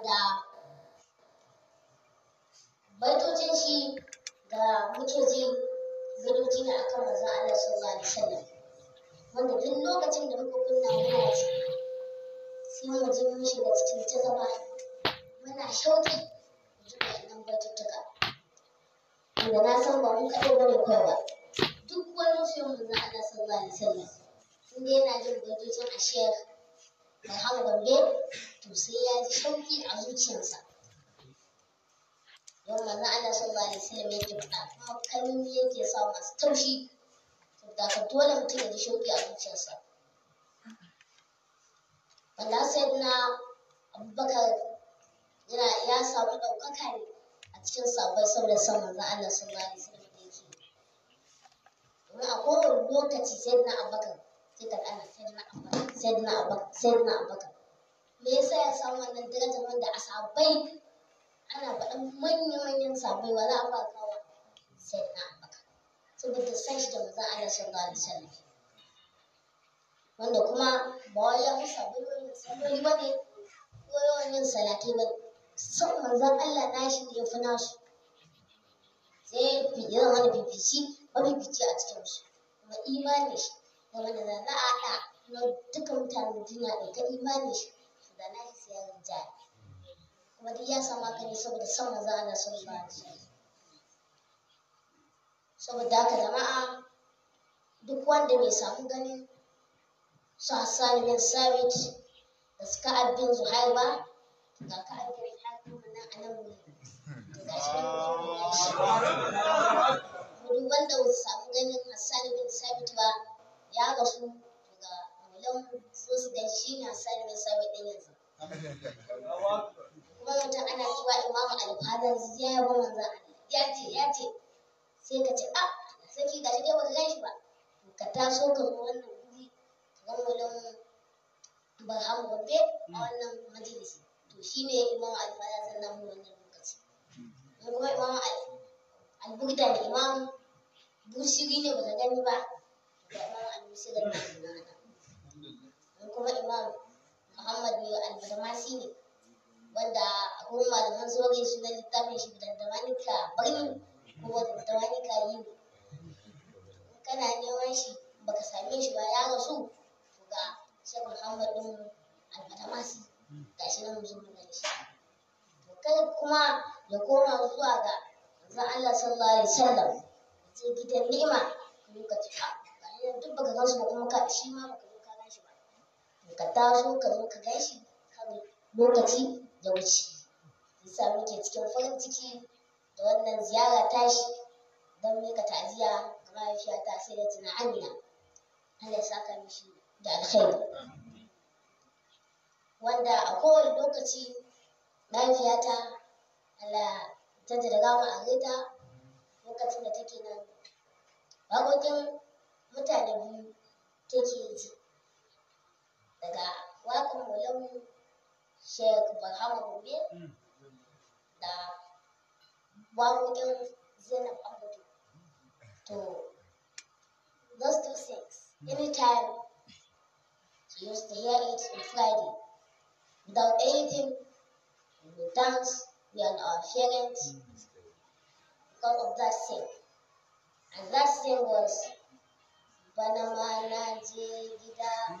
da baitocin shi da muke ji baitoci a kan wanzu Allah za alaihi wasallam wanda duk lokacin da muka kunna muna ji sai mu ji mun da cikin ta zama muna shauki mu ji wannan baitottuka wanda na san ba mu kaɗai bane kawai ba duk wani musulmi wanzu Allah sallallahu alaihi wasallam inda yana jin baitocin ashir mai hawa gambe to sai ya ji shauki a zuciyarsa yau manzo Allah sallallahu alaihi wasallam yake faɗa kuma kalmomi yake sa masu taushi ka dole mutum ya ji shauki a zuciyarsa wanda Abubakar yana ya samu ɗaukaka ne a cikin sabai saboda manzo Allah sallallahu alaihi wasallam da yake domin a kowane lokaci sayyidina Abubakar sai Abubakar me yasa ya samu wannan darajar wanda a sabai ana faɗan manya-manyan sabai wala a ba kawa sai na abaka saboda san shi da manzon Allah sallallahu alaihi wasallam wanda kuma ba wai ya musa bai sabai ba ne ko yawan yin salati ba san manzon Allah nashi ne fi nasu sai fiye wani fifici mafifici a cikin su kuma imani shi da wani a na dukkan mutanen duniya ɗauka imani shi da na isi ya rinja kuma duk ya samu haka ne saboda son manzo Allah sallallahu alaihi wasallam saboda haka jama'a duk wanda mai samu ganin su Hassan bin Sabit da su Ka'ab bin Zuhair ba ga Ka'ab bin Zuhair nan a nan wuri to gashi nan wuri duk wanda bai samu ganin kuma wata ana cewa imamu alfadar ya wa manzo ya ce ya ce sai ka ce a ah, saki ga shi dai baka gan shi ba ka taso ka zo wannan guri ka ga mulin barham gobe a wannan majalisi to shi ne imamu alfadar sannan mu wannan lokaci kuma imamu alburda da imamu busiri ne ba baka gani ba da imamu albusiri da kuma imamu Muhammad al-Badamasi ne wanda kuma malaman zogin su na littafin shi da damanika Barni ko damanika yi kana neman shi baka same shi ba ya rasu to ga Sheikh Muhammad din al-Badamasi shi nan mutum da shi to kada kuma ya koma zuwa ga manzon Allah sallallahu alaihi wasallam je gidan ni'ima lokacin ka duk baka gansu ba kuma ka shi ma baka ka taso ka zo ka gashi kan lokaci da wuce yasa muke cikin farin ciki da wannan ziyara tashi don mika ta'aziyya ga mahaifiyata sai da tuna amina Allah ya saka mishi da alkhairi wanda a kowane lokaci mahaifiyata Allah ta da gama a gaita lokacin da take nan bakokin mutane biyu take ji daga waƙar mulan sheik barhama gobe da waƙoƙin zainab amadu to those two things anytime she used to hear it on friday without anything we dance we and our parents because of that thing and that thing was Panama Nigeria.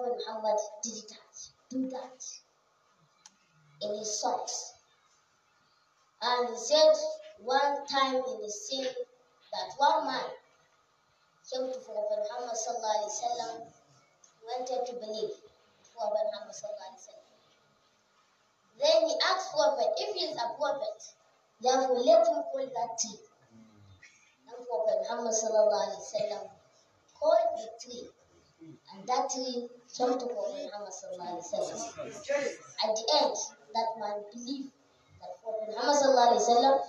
Prophet Muhammad did that, do that in his songs. And he said one time in his sin that one man came to Prophet Muhammad sallallahu alaihi wasallam, wanted to believe for Prophet Muhammad sallallahu alaihi wasallam. Then he asked Prophet if he is a prophet, therefore let him call that tea." And Prophet Muhammad sallallahu alaihi wasallam mighty Prophet Muhammad At the end, that man believed that Prophet Muhammad is God.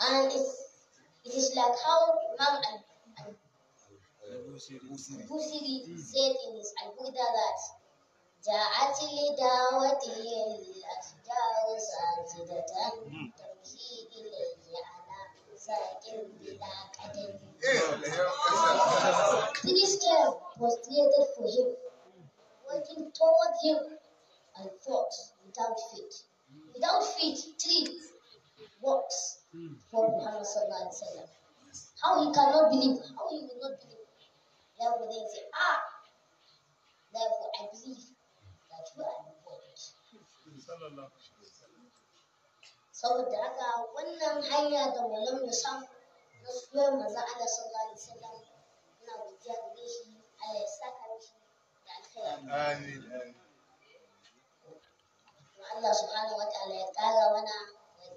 And it's, like how Imam al, Busiri said in his Al-Buda that جاءت لدعوتي الأشجار ساجدة تبكي This camp was created for him, working toward him and thoughts without feet. Without feet, trees, works for Muhammad Sallallahu Alaihi Wasallam. How he cannot believe, how he will not believe. Therefore they say, ah, therefore I believe that you are important. Saboda haka wannan hanya da Maulana Musa na suwar manzon Allah sallallahu alaihi wasallam amin Allah subhanahu wataala ya kara mana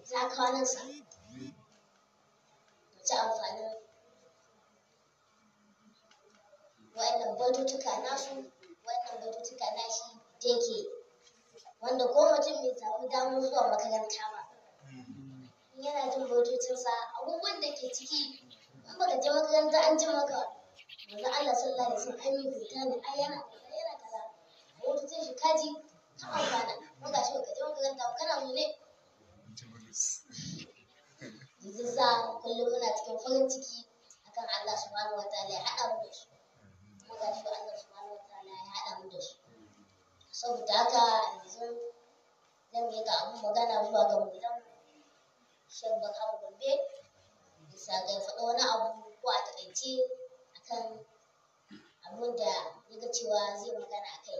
zakawanansa mu ci amfanin wa'annan batutuka nasu wannan batutuka nashi da yake wanda ko mutum mai samu damar zuwa makaranta ba yana jin batutunsa abubuwan da ke ciki in baka je makaranta an ji maka manzo Allah sallallahu alaihi wasallam an yi fita ne ai yana kaji haɓar bana mun gashi baka je muka ganta kana nune yanzu sa kullum muna cikin farin ciki akan Allah subhanahu wa ta'ala ya haɗa mu da su mun gashi Allah subhanahu wa ta'ala ya haɗa mu da su saboda haka yanzu zan yi ga abun magana zuwa ga mulan shan baka mu gombe bisa ga faɗa wani abu ko a taƙaice akan abun da ya ga cewa zai magana akai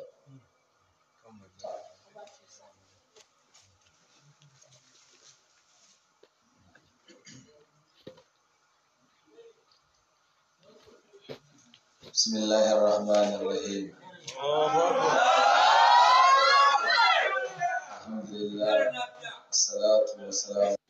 bismillahir na rahim alhamdulillah salatu wassalamu